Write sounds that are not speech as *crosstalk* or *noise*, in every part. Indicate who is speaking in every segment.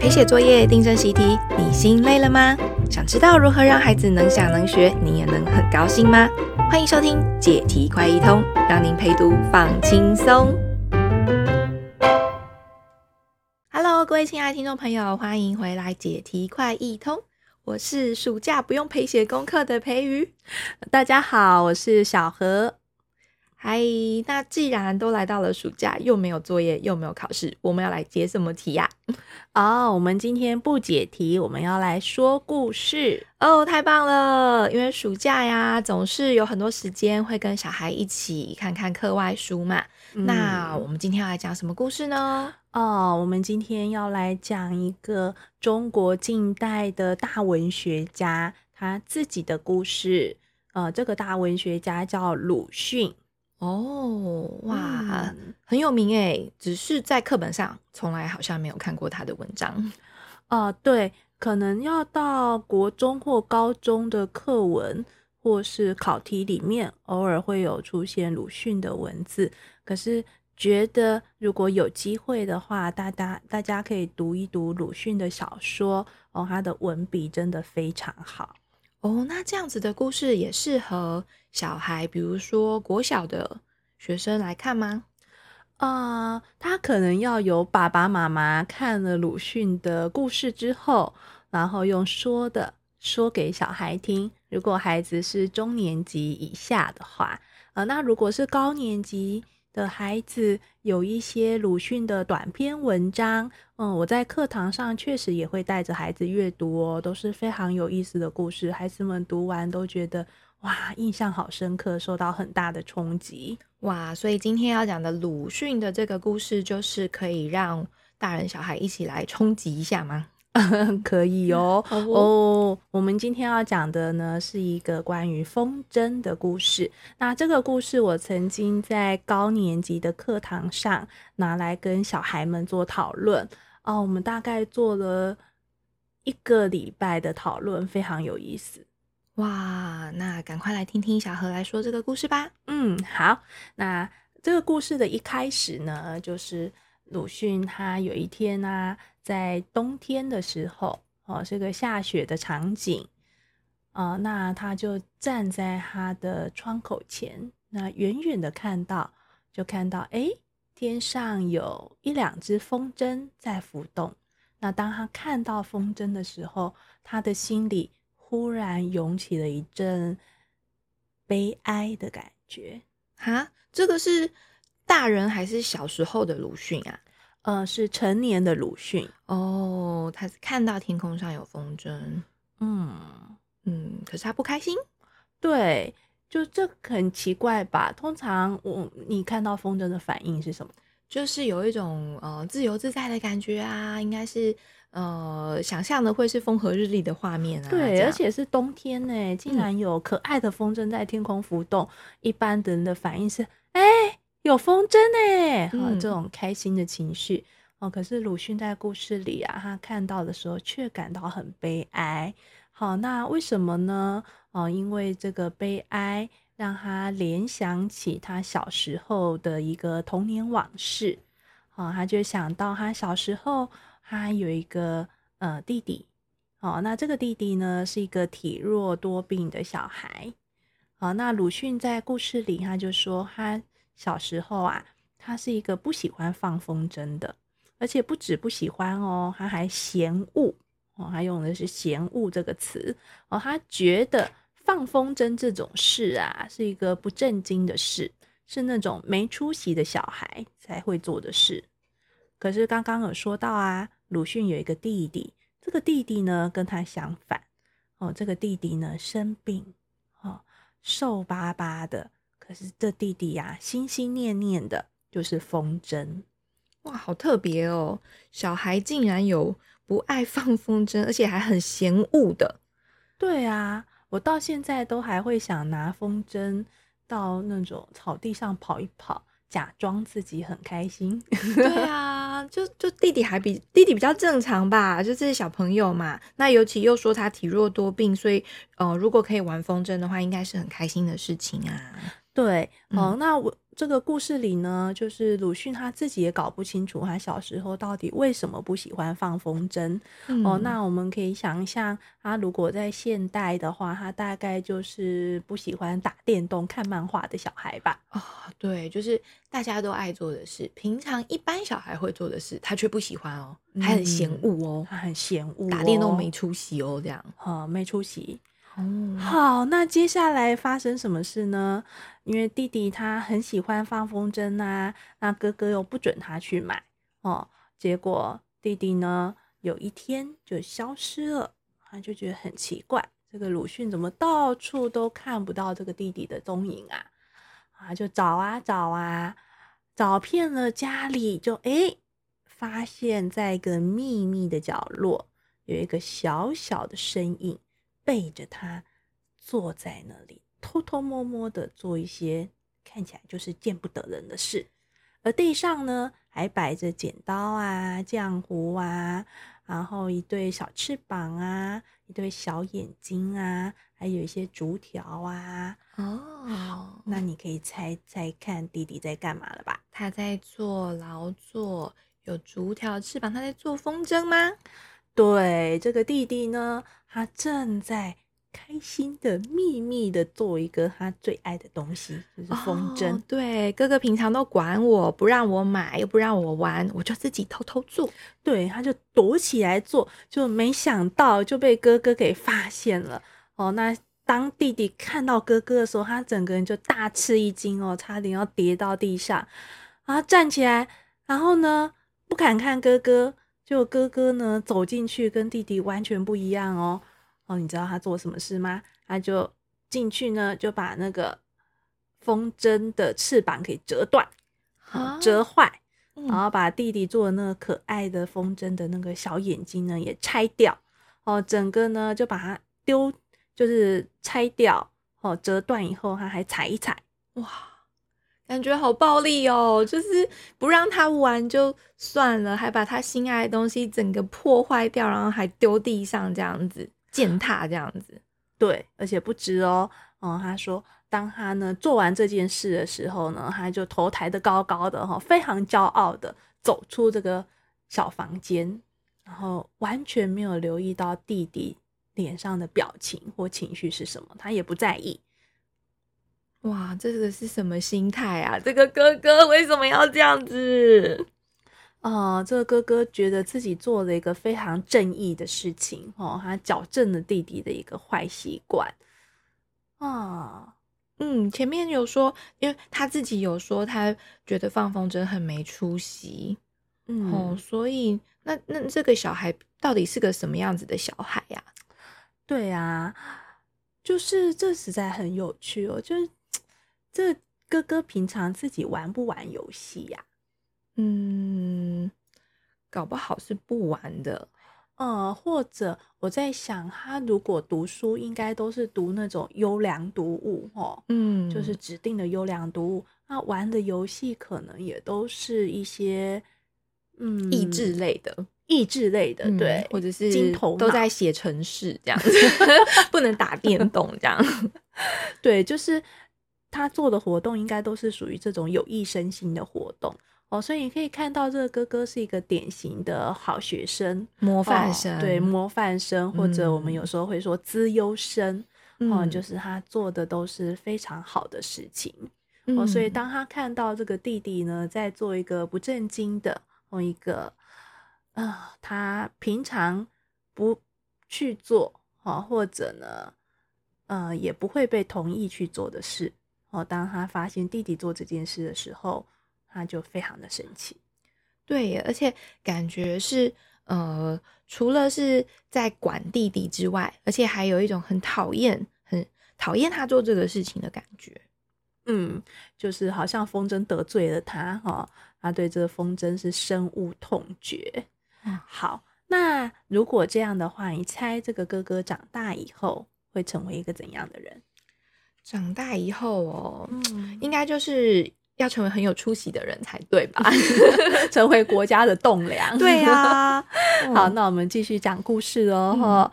Speaker 1: 陪寫作業、訂正習題，你心累了嗎？想知道如何讓孩子能想能學，你也能很高興嗎？歡迎收聽《解題快易通》，讓您陪讀放輕鬆。Hello，各位親愛的聽眾朋友，歡迎回來《解題快易通》，我是暑假不用陪寫功課的培瑜。大家好，我是小何。哎，Hi, 那既然都來到了暑假，又沒有作業，又沒有考試，我們要來解什麼題呀、啊？哦，oh, 我們今天不解題，我們要來說故事。哦，oh, 太棒了！因為暑假呀，總是有很多時間會跟小孩一起看看課外書嘛。Mm. 那我們今天要來講什麼故事呢？哦，oh, 我們今天要來講一個中國近代的大文學家，他自己的故事。呃，這個大文學家叫魯迅。哦，哇，嗯，很有名誒，只是在課本上從來好像沒有看過他的文章，哦，呃，對，可能要到國中或高中的課文或是考題裡面，偶爾會有出現魯迅的文字。可是覺得如果有機會的話，大家大家可以讀一讀魯迅的小說哦，他的文筆真的非常好。哦，那這樣子的故事也適合小孩，比如說國小的學生來看嗎？呃，他可能要由爸爸媽媽看了魯迅的故事之後，然後用說的說給小孩聽。如果孩子是中年級以下的話，呃，那如果是高年級。的孩子，有一些魯迅的短篇文章，嗯，我在課堂上確實也會帶着孩子閱讀哦，都是非常有意思的故事，孩子們讀完都覺得哇，印象好深刻，受到很大的衝擊。哇，所以今天要講的魯迅的這個故事就是可以讓大人小孩一起來衝擊一下嗎？ *laughs* 可以哦哦，oh, oh, *noise* 我們今天要講的呢，是一個關於風箏的故事。那這個故事我曾經在高年級的課堂上拿來跟小孩們做討論哦，oh, 我們大概做了一個禮拜的討論，非常有意思哇！Wow, 那趕快來聽聽小何來說這個故事吧。 *noise* 嗯，好，那這個故事的一開始呢，就是。魯迅他有一天呢、啊，在冬天的時候，哦，是個下雪的場景，啊、呃，那他就站在他的窗口前，那遠遠的看到，就看到，誒，天上有一兩隻風箏在浮動。那當他看到風箏的時候，他的心裡忽然湧起了一陣悲哀的感覺。哈，這個是。大人還是小時候的魯迅啊？呃，是成年的魯迅哦。他看到天空上有風箏，嗯嗯，可是他不開心。對，就這很奇怪吧？通常我你看到風箏的反應是什麼？就是有一種呃自由自在的感覺啊，應該是呃想象的會是風和日麗的畫面啊。對，這樣。而且是冬天呢，竟然有可愛的風箏在天空浮動。嗯、一般人的反應是。有風箏呢、嗯哦，這種開心的情緒哦。可是魯迅在故事裡啊，他看到的時候卻感到很悲哀。好，那為什麼呢？哦，因為這個悲哀讓他聯想起他小時候的一個童年往事。哦，他就想到他小時候，他有一個呃弟弟。哦，那這個弟弟呢是一個體弱多病的小孩。好，那魯迅在故事裡他就說他。小時候啊，他是一個不喜歡放風箏的，而且不止不喜歡哦，他還嫌惡哦，他用的是“嫌惡”這個詞哦，他覺得放風箏這種事啊，是一個不正經的事，是那種沒出息的小孩才會做的事。可是剛剛有說到啊，魯迅有一個弟弟，這個弟弟呢跟他相反哦，這個弟弟呢生病哦，瘦巴巴的。可是這弟弟呀、啊，心心念念的就是風箏，哇，好特別哦！小孩竟然有不愛放風箏，而且還很嫌惡的。對啊，我到現在都還會想拿風箏到那種草地上跑一跑，假裝自己很開心。 *laughs* 對啊，就就弟弟還比弟弟比較正常吧，就這、是、些小朋友嘛。那尤其又說他體弱多病，所以呃，如果可以玩風箏的話，應該是很開心的事情啊。對，嗯、哦，那我這個故事裡呢，就是魯迅他自己也搞不清楚，他小時候到底為什麼不喜歡放風箏。嗯、哦，那我們可以想一想，他如果在現代的話，他大概就是不喜歡打電動、看漫畫的小孩吧？啊、哦，對，就是大家都愛做的事，平常一般小孩會做的事，他卻不喜歡哦，嗯、他很嫌惡哦，他很嫌惡、哦、打電動沒出息哦，這樣，啊、哦，沒出息。好，那接下來發生什麼事呢？因為弟弟他很喜歡放風箏啊，那哥哥又不准他去買哦。結果弟弟呢，有一天就消失了，他就覺得很奇怪，這個魯迅怎麼到處都看不到這個弟弟的蹤影啊？啊，就找啊找啊，找遍了家裡就，就、欸、哎，發現在一個秘密的角落，有一個小小的身影。背着他坐在那裡，偷偷摸摸的做一些看起來就是見不得人的事。而地上呢，還擺着剪刀啊、漿糊啊，然後一對小翅膀啊、一對小眼睛啊，還有一些竹條啊。哦，oh. 那你可以猜猜看弟弟在幹嘛了吧？他在做勞作，有竹條翅膀，他在做風箏嗎？對，這個弟弟呢，他正在開心的秘密的做一個他最愛的東西，就是風箏。哦，對，哥哥平常都管我，不讓我買，又不讓我玩，我就自己偷偷做。對，他就躲起來做，就沒想到就被哥哥給發現了。哦，那當弟弟看到哥哥的時候，他整個人就大吃一驚哦，差點要跌到地上，然後站起來，然後呢不敢看哥哥。就哥哥呢走進去，跟弟弟完全不一樣哦，哦，你知道他做什麼事嗎？他就進去呢，就把那個風箏的翅膀給折斷，哦，折壞，然後把弟弟做的那個可愛的風箏的那個小眼睛呢也拆掉，哦，整個呢就把它丟，就是拆掉，哦，折斷以後他還踩一踩，哇！感覺好暴力哦！就是不讓他玩就算了，還把他心愛的東西整個破壞掉，然後還丟地上這樣子，踐踏這樣子。對，而且不值哦。嗯，他說，當他呢做完這件事的時候呢，他就頭抬得高高的哈，非常驕傲的走出這個小房間，然後完全沒有留意到弟弟臉上的表情或情緒是什麼，他也不在意。哇，這個是什麼心態啊？這個哥哥為什麼要這樣子？哦、呃、這個哥哥覺得自己做了一個非常正義的事情哦，他矯正了弟弟的一個壞習慣。啊、哦，嗯，前面有說，因為他自己有說，他覺得放風箏很沒出息。嗯，哦，所以那那這個小孩到底是個什麼樣子的小孩呀、啊？對呀、啊，就是這實在很有趣哦，就是。這哥哥平常自己玩不玩遊戲呀、啊？嗯，搞不好是不玩的。呃、嗯，或者我在想，他如果讀書，應該都是讀那種優良讀物哦。嗯，就是指定的優良讀物。那玩的遊戲可能也都是一些嗯，益智類的，益智類的，嗯、對，或者是都在寫程式這樣子，不能打電動這樣。 *laughs* 對，就是。他做的活動應該都是屬於這種有益身心的活動哦，所以你可以看到這個哥哥是一個典型的好學生、模範生、哦，對模範生或者我們有時候會說資優生，嗯、哦，就是他做的都是非常好的事情、
Speaker 2: 嗯、哦。所以當
Speaker 1: 他看到這個弟弟呢，在做一個不正經的、哦、一個啊、呃，他平常不去做啊、哦，或者呢，呃，也不會被同意去做的事。當他發現弟弟做這件事的時候，他就非常的生氣。對，而且感覺是呃，除了是在管弟弟之外，而且還有一種很討厭、很討厭他做這個事情的感覺。嗯，就是好像風箏得罪了他，哈、哦，他對這個風箏是深惡痛絕。嗯、好，那如果這樣的話，你猜這個哥哥長大以後會成為一個怎樣的人？長大以後哦，嗯、應該就是要成為很有出息的人才對吧？ *laughs* *laughs* 成為國家的棟梁。 *laughs* 對呀、啊，嗯、好，那我們繼續講故事哦。嗯、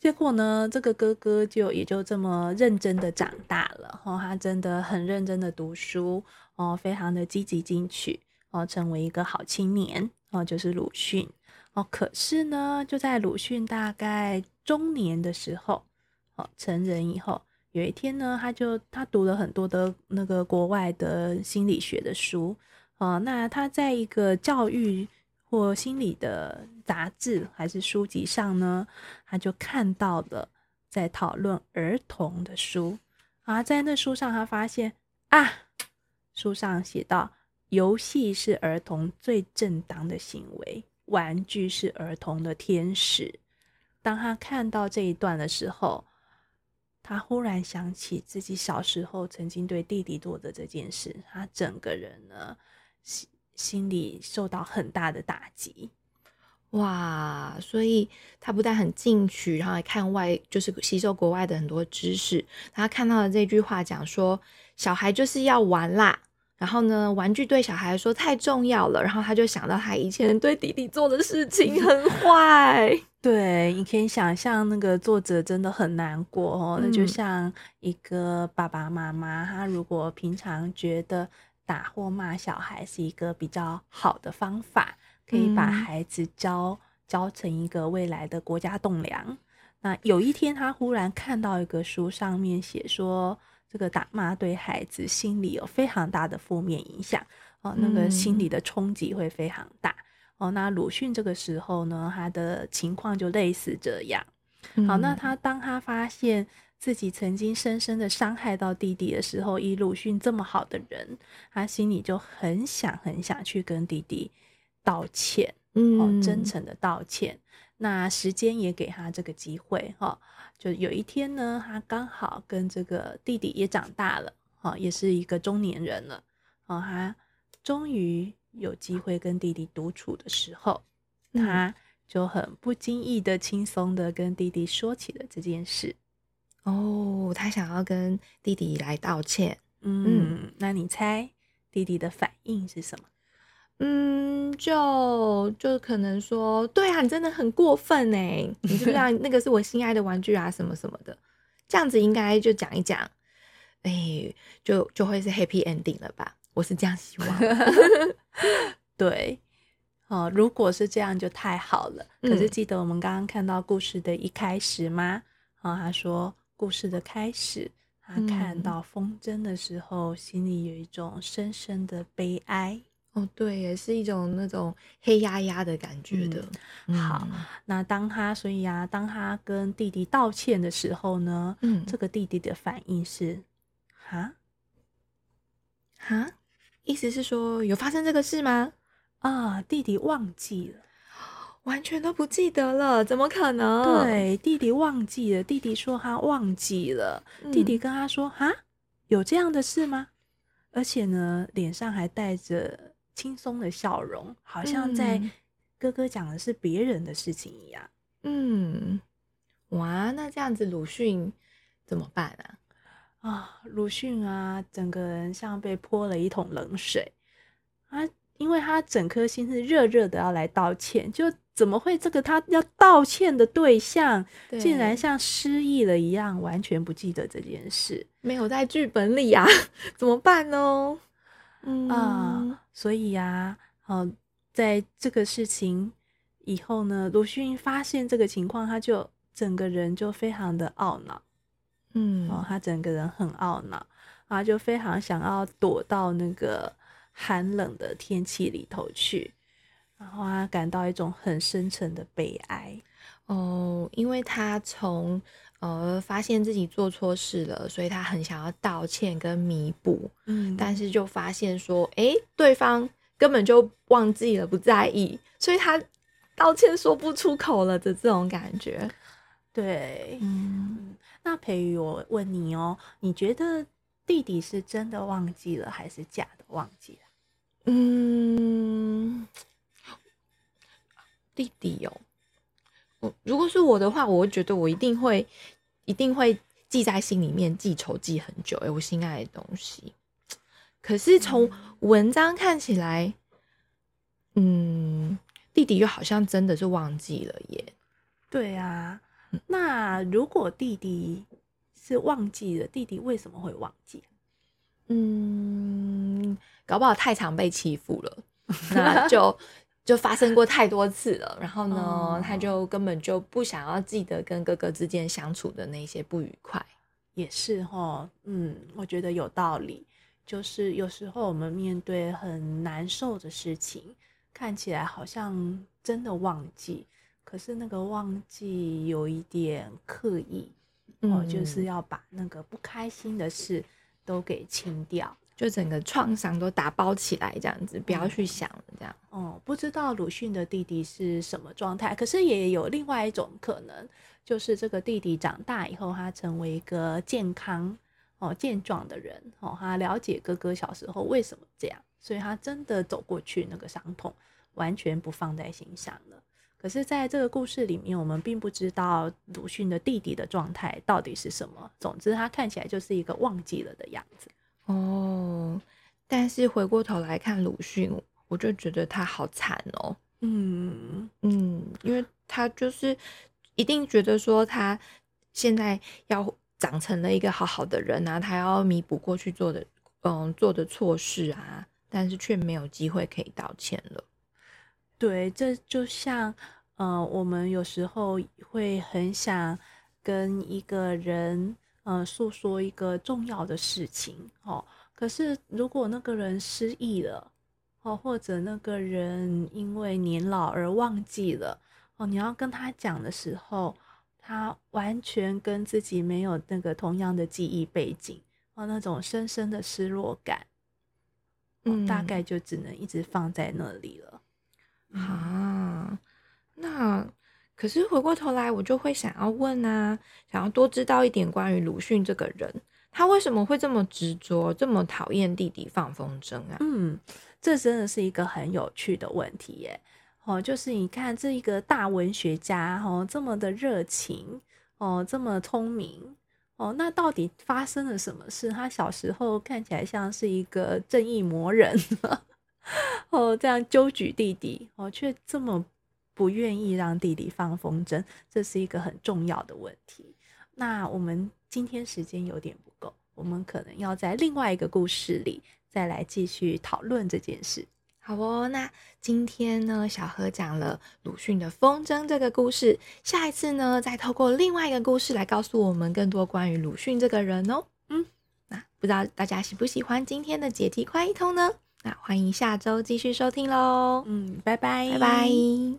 Speaker 1: 結果呢，這個哥哥就也就這麼認真的長大了。哦，他真的很認真的讀書哦，非常的積極進取哦，成為一個好青年哦，就是魯迅哦。可是呢，就在魯迅大概中年的時候，哦，成人以後。有一天呢，他就他讀了很多的那個國外的心理學的書啊，那他在一個教育或心理的雜誌還是書籍上呢，他就看到了在討論兒童的書啊，在那書上他發現啊，書上寫道，遊戲是兒童最正當的行為，玩具是兒童的天使。當他看到這一段的時候。他忽然想起自己小時候曾經對弟弟做的這件事，他整個人呢心心裡受到很大的打擊，哇！所以他不但很進取，然後還看外，就是吸收國外的很多知識。他看到了這句話講說，小孩就是要玩啦。然後呢，玩具對小孩說太重要了。然後他就想到他以前對弟弟做的事情很壞。 *laughs* 對，你可以想象那個作者真的很難過哦。嗯、那就像一個爸爸媽媽，他如果平常覺得打或罵小孩是一個比較好的方法，
Speaker 2: 可以把孩
Speaker 1: 子教教、嗯、成一個未來的國家棟梁。那有一天他忽然看到一個書上面寫說，這個打罵對孩子心理有非常大的負面影響，嗯，哦，那個心理的衝擊會非常大哦。那魯迅這個時候呢，他的情況就類似這樣。好，那他當他發現自己曾經深深的傷害到弟弟的時候，嗯，以魯迅這麼好的人，他心裡就很想很想去跟弟弟道歉，嗯，哦，真誠的道歉。那時間也給他這個機會、哦、就有一天呢，他剛好跟這個弟弟也長大了、哦、也是一個中年人了，哦，他終於有機會跟弟弟獨處的時候，嗯、他就很不經意的、輕鬆的跟弟弟說起了這件事。哦，他想要跟弟弟來道歉。嗯，嗯，那你猜弟弟的反應是什麼？嗯。就就可能說，對啊，你真的很過分哎！你知不知道那個是我心愛的玩具啊，什麼什麼的，這樣子應該就講一講，哎，就就會是 happy ending 了吧？我是這樣希望的。 *laughs* *laughs* 對，哦，如果是這樣就太好了。可是記得我們剛剛看到故事的一開始嗎？然、嗯嗯、他說故事的開始，他看到風箏的時候，嗯、心裡有一種深深的悲哀。哦，對，也是一種那種黑壓壓的感覺的。嗯、好，那當他所以啊，當他跟弟弟道歉的時候呢，嗯、這個弟弟的反應是，啊，啊，意思是說有發生這個事嗎？啊，弟弟忘記了，完全都不記得了，怎麼可能？對，弟弟忘記了，弟弟說他忘記了，嗯、弟弟跟他說啊，有這樣的事嗎？而且呢，臉上還帶着。輕鬆的笑容，好像在哥哥講的是別人的事情一樣。嗯，哇，那這樣子魯迅怎麼辦啊？啊，魯迅啊，整個人像被潑了一桶冷水啊！因為他整顆心是熱熱的，要來道歉，就怎麼會這個他要道歉的對象，竟然像失憶了一樣，對完全不記得這件事。沒有在劇本裡啊， *laughs* 怎麼辦呢？嗯 uh, 啊，所以呀，在這個事情以後呢，魯迅發現這個情況，他就整個人就非常的懊惱，嗯，哦，他整個人很懊惱啊，然後就非常想要躲到那個寒冷的天氣裡頭去，然後他感到一種很深沉的悲哀哦，因為他從。呃，發現自己做錯事了，所以他很想要道歉跟彌補，嗯、但是就發現說，哎、欸，對方根本就忘記了，不在意，所以他道歉說不出口了的這種感覺。對，嗯，那培育，我問你哦、喔，你覺得弟弟是真的忘記了，還是假的忘記了？嗯，弟弟哦、喔，如果是我的話，我會覺得我一定會。一定會記在心裡面，記仇記很久。我心愛的東西。可是從文章看起來，嗯，弟弟又好像真的是忘記了耶。對啊，那如果弟弟是忘記了，弟弟為什麼會忘記？嗯，搞不好太常被欺負了，那就。 *laughs* 就發生過太多次了，然後呢，哦、他就根本就不想要記得跟哥哥之間相處的那些不愉快。也是哦，嗯，我覺得有道理。就是有時候我們面對很難受的事情，看起來好像真的忘記，可是那個忘記有一點刻意，嗯、哦，就是要把那個不開心的事都給清掉。就整個創傷都打包起來，這樣子不要去想了，這樣、嗯。哦，不知道魯迅的弟弟是什麼狀態，可是也有另外一種可能，就是這個弟弟長大以後，他成為一個健康、哦健壯的人，哦，他了解哥哥小時候為什麼這樣，所以他真的走過去那個傷痛，完全不放在心上了。可是，在這個故事裡面，我們並不知道魯迅的弟弟的狀態到底是什麼。總之，他看起來就是一個忘記了的樣子。哦，但是回過頭來看魯迅，我就覺得他好慘哦。嗯嗯，因為他就是一定覺得說他現在要長成了一個好好的人啊，他要彌補過去做的嗯做的錯事啊，但是卻沒有機會可以道歉了。對，這就像嗯、呃、我們有時候會很想跟一個人。呃，訴說一個重要的事情，哈、哦。可是如果那個人失憶了，哦，或者那個人因為年老而忘記了，哦，你要跟他講的時候，他完全跟自己沒有那個同樣的記憶背景，哦，那種深深的失落感，嗯、哦，大概就只能一直放在那裡了。嗯、啊，那。可是回過頭來，我就會想要問啊，想要多知道一點關於魯迅這個人，他為什麼會這麼執着，這麼討厭弟弟放風箏啊？嗯，這真的是一個很有趣的問題耶、欸。哦，就是你看這一個大文學家哦，這麼的熱情哦，這麼聰明哦，那到底發生了什麼事？他小時候看起來像是一個正義魔人，呵呵哦，這樣揪舉弟弟哦，卻這麼。不願意讓弟弟放風箏，這是一個很重要的問題。那我們今天時間有點不夠，我們可能要在另外一個故事裡再來繼續討論這件事。好哦，那今天呢，小何講了魯迅的風箏這個故事，下一次呢，再透過另外一個故事來告訴我們更多關於魯迅這個人哦。嗯，那不知道大家喜不喜歡今天的解題快易通呢？那歡迎下周繼續收聽嘍。嗯，拜拜，拜拜。